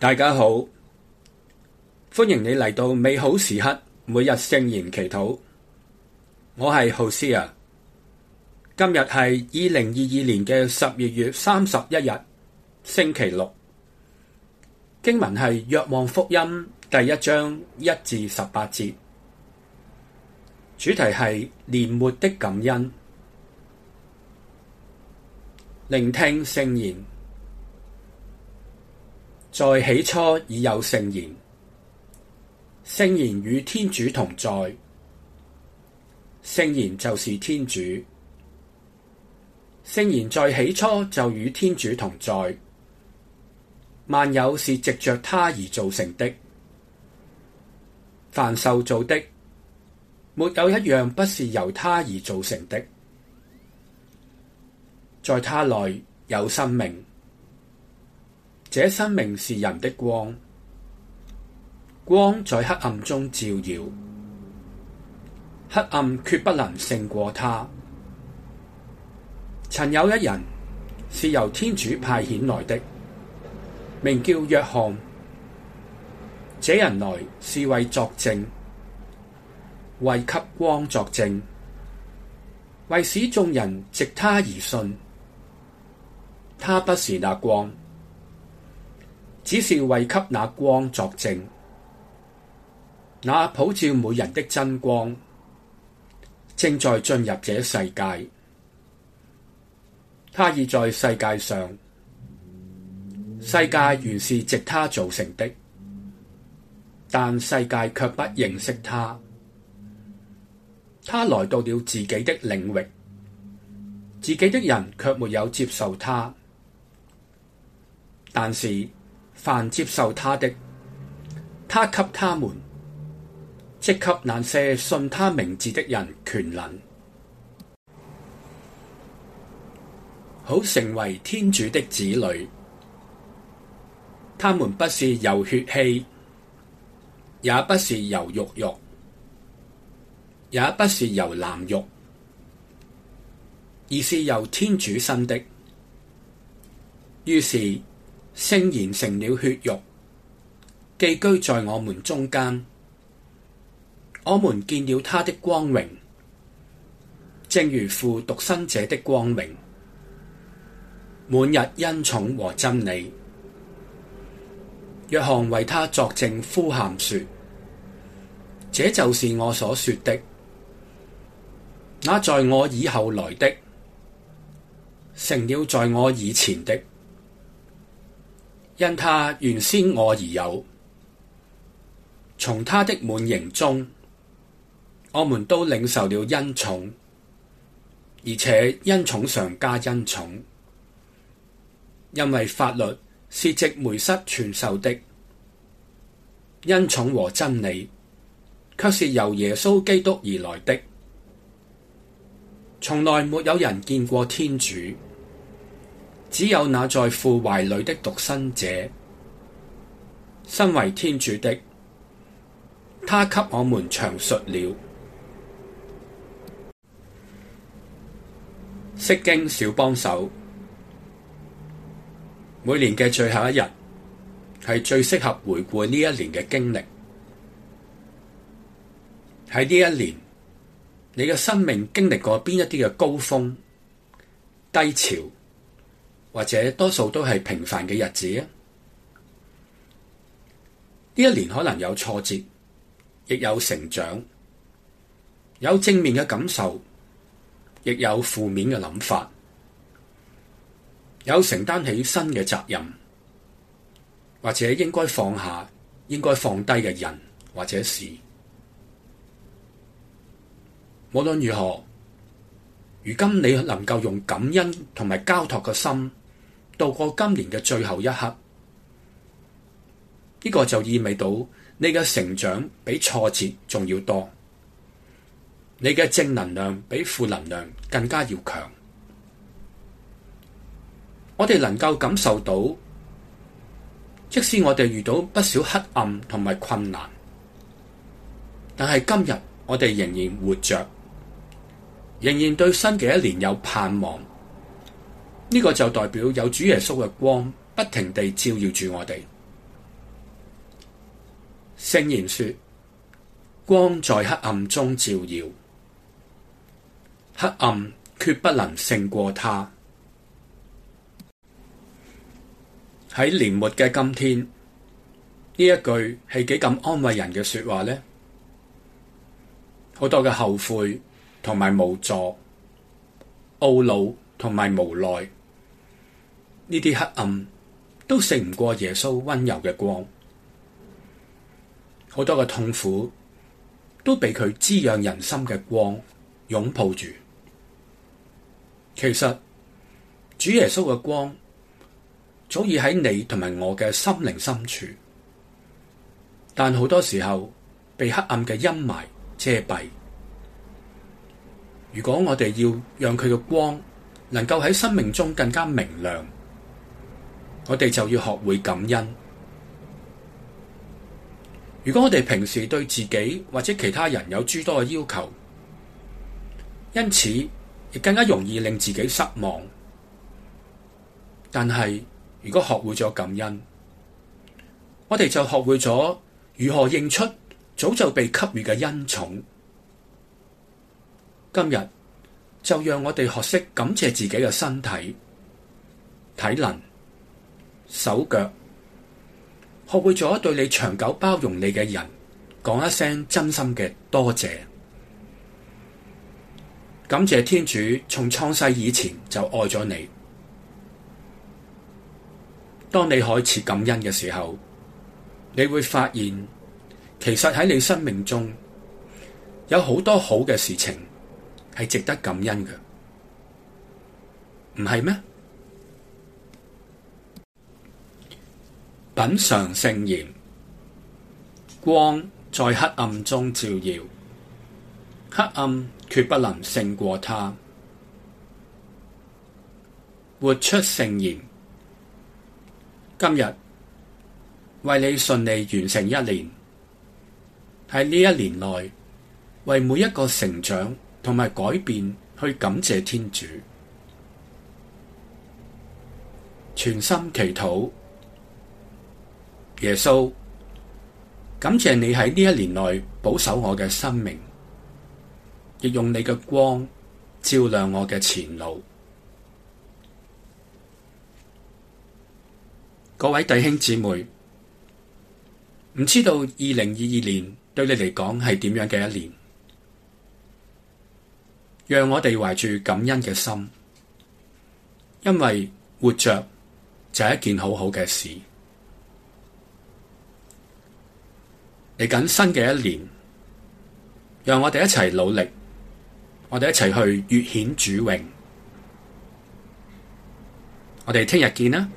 大家好，歡迎你嚟到美好時刻，每日聖言祈禱。我係浩斯啊，今日係二零二二年嘅十二月三十一日，星期六。經文係《若望福音》第一章一至十八節，主題係年末的感恩，聆聽聖言。在起初已有聖言，聖言與天主同在，聖言就是天主。聖言在起初就與天主同在，萬有是藉着他而造成的，凡受造的，沒有一樣不是由他而造成的，在他內有生命。這生命是人的光，光在黑暗中照耀，黑暗決不能勝過他。曾有一人是由天主派遣來的，名叫若翰。這人來是為作證，為給光作證，為使眾人藉他而信。他不是那光。只是為給那光作證，那普照每人的真光正在進入這世界。他已在世界上，世界原是藉他造成的，但世界卻不認識他。他來到了自己的領域，自己的人卻沒有接受他，但是。凡接受他的，他給他們，即給那些信他名字的人權能，好成為天主的子女。他們不是由血氣，也不是由肉欲，也不是由男欲，而是由天主生的。於是。聖言成了血肉，寄居在我們中間。我們見了他的光榮，正如父獨生者的光榮，滿溢恩寵和真理。若翰為他作證，呼喊說：這就是我所說的，那在我以後來的，成了在我以前的。因他原先我而有。從他的滿盈中，我們都領受了恩寵，而且恩寵上加恩寵。因為法律是藉梅瑟傳授的，恩寵和真理却是由耶穌基督而來的，從來沒有人見過天主。只有那在父懷裏的獨生者，身為天主的他，給我們詳述了。《釋經小幫手》每年嘅最後一日係最適合回顧呢一年嘅經歷。喺呢一年，你嘅生命經歷過邊一啲嘅高峰、低潮？或者多數都係平凡嘅日子，呢一年可能有挫折，亦有成長，有正面嘅感受，亦有負面嘅諗法，有承擔起新嘅責任，或者應該放下、應該放低嘅人或者事。無論如何，如今你能夠用感恩同埋交託嘅心。度過今年嘅最後一刻，呢個就意味到你嘅成長比挫折仲要多，你嘅正能量比負能量更加要強。我哋能夠感受到，即使我哋遇到不少黑暗同埋困難，但係今日我哋仍然活着，仍然對新嘅一年有盼望。呢個就代表有主耶穌嘅光不停地照耀住我哋。聖言說，光在黑暗中照耀，黑暗決不能勝過他。喺年末嘅今天，呢一句係幾咁安慰人嘅說話呢？好多嘅後悔同埋無助、懊惱同埋無奈。呢啲黑暗都勝唔過耶穌溫柔嘅光，好多嘅痛苦都俾佢滋養人心嘅光擁抱住。其實主耶穌嘅光早已喺你同埋我嘅心靈深處，但好多時候被黑暗嘅陰霾遮蔽。如果我哋要讓佢嘅光能夠喺生命中更加明亮。我哋就要學會感恩。如果我哋平時對自己或者其他人有諸多嘅要求，因此亦更加容易令自己失望。但係如果學會咗感恩，我哋就學會咗如何認出早就被給予嘅恩寵。今日就讓我哋學識感謝自己嘅身體、體能。手腳，學會咗對你長久包容你嘅人，講一聲真心嘅多謝，感謝天主從創世以前就愛咗你。當你開始感恩嘅時候，你會發現，其實喺你生命中有好多好嘅事情係值得感恩嘅，唔係咩？品嚐聖言，光在黑暗中照耀，黑暗決不能勝過他。活出聖言，今日為你順利完成一年，喺呢一年內為每一個成長同埋改變去感謝天主，全心祈禱。耶穌，感謝你喺呢一年內保守我嘅生命，亦用你嘅光照亮我嘅前路。各位弟兄姊妹，唔知道二零二二年對你嚟講係點樣嘅一年？讓我哋懷住感恩嘅心，因為活着就係一件好好嘅事。嚟緊新嘅一年，讓我哋一齊努力，我哋一齊去越顯主榮，我哋聽日見啦。